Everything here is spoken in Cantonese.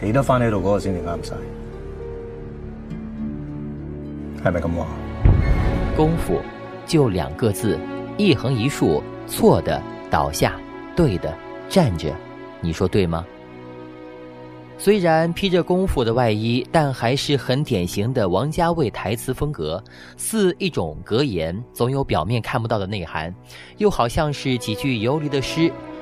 企得翻呢度嗰個先至啱晒，係咪咁話？功夫就兩個字，一橫一豎，錯的倒下，對的站着，你說對嗎？雖然披着功夫的外衣，但還是很典型的王家衛台詞風格，似一種格言，總有表面看不到的內涵，又好像是幾句游離的詩。